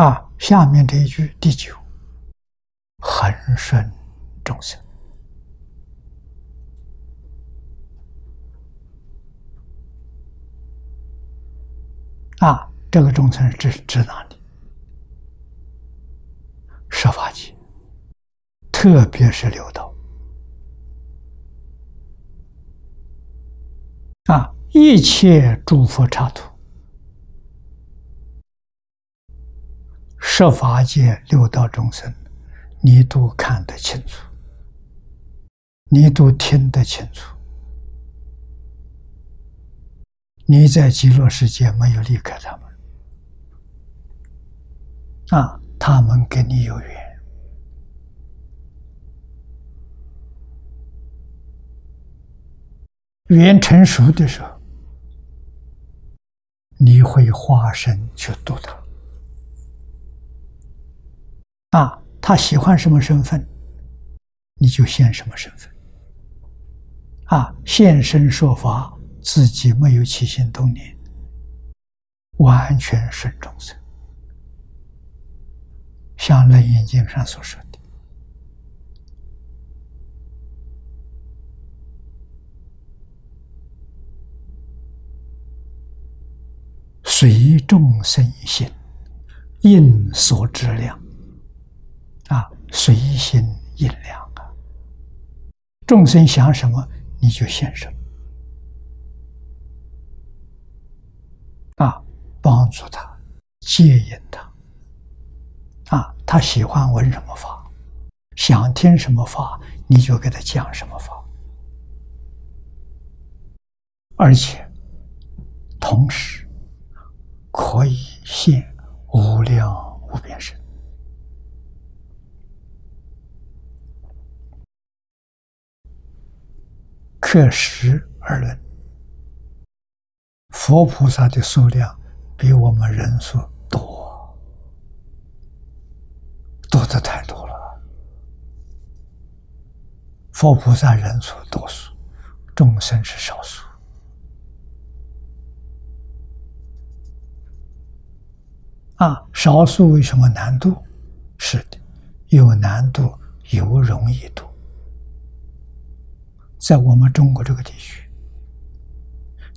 啊，下面這一句第九，恆順眾生。啊，這個眾生是指指哪裡？盡法界，特別是六道。啊，一切諸佛剎土。這法界六道眾生，你都看得清楚，你都聽得清楚。你在極樂世界沒有離開他們，那他們跟你有緣，緣成熟的時候，你會化身去度他。啊，他喜歡什麼身份，你就現什麼身份。啊，現身說法，自己沒有起心動念，完全順眾生，像《楞嚴經》上所說的：“隨眾生心，應所知量。”隨心應量啊，眾生想什麼你就現什麼啊，幫助他，接引他啊，他喜歡聞什麼法，想聽什麼法，你就給他講什麼法，而且同時可以現無量無邊身。確實而論，佛菩薩的數量比我們人數多，多得太多了。佛菩薩人數多數，眾生是少數。啊，少數為什麼難度？是的，有難度，有容易度。在我們中國這個地區，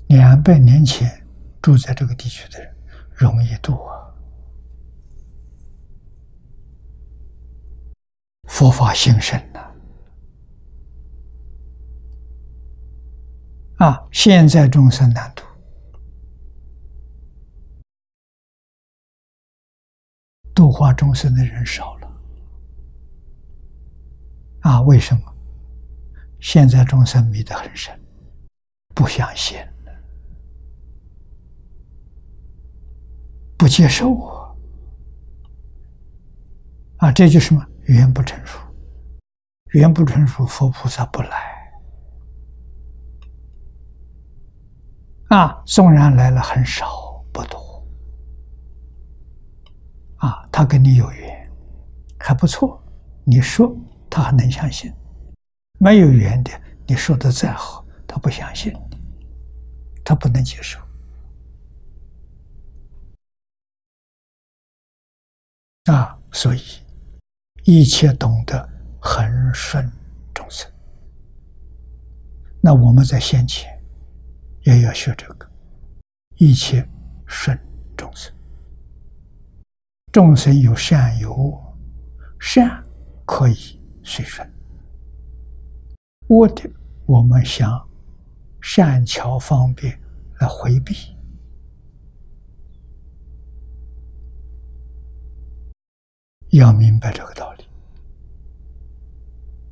兩百年前住在這個地區的人容易度啊，佛法興盛啊，啊，現在眾生難度，度化眾生的人少了。啊，為什麼？現在眾生迷得很深，不相信，不接受我。啊！這就是什麼？緣不成熟，緣不成熟，佛菩薩不來啊！縱然來了，很少不多啊，他跟你有緣，還不錯，你說他還能相信。沒有緣的，你說的再好，他不相信，他不能接受。啊，所以一切懂得恆順眾生。那我們在現前也要學這個，一切順眾生。眾生有善有惡，善可以隨順。多的，我們想善巧方便來回避，要明白這個道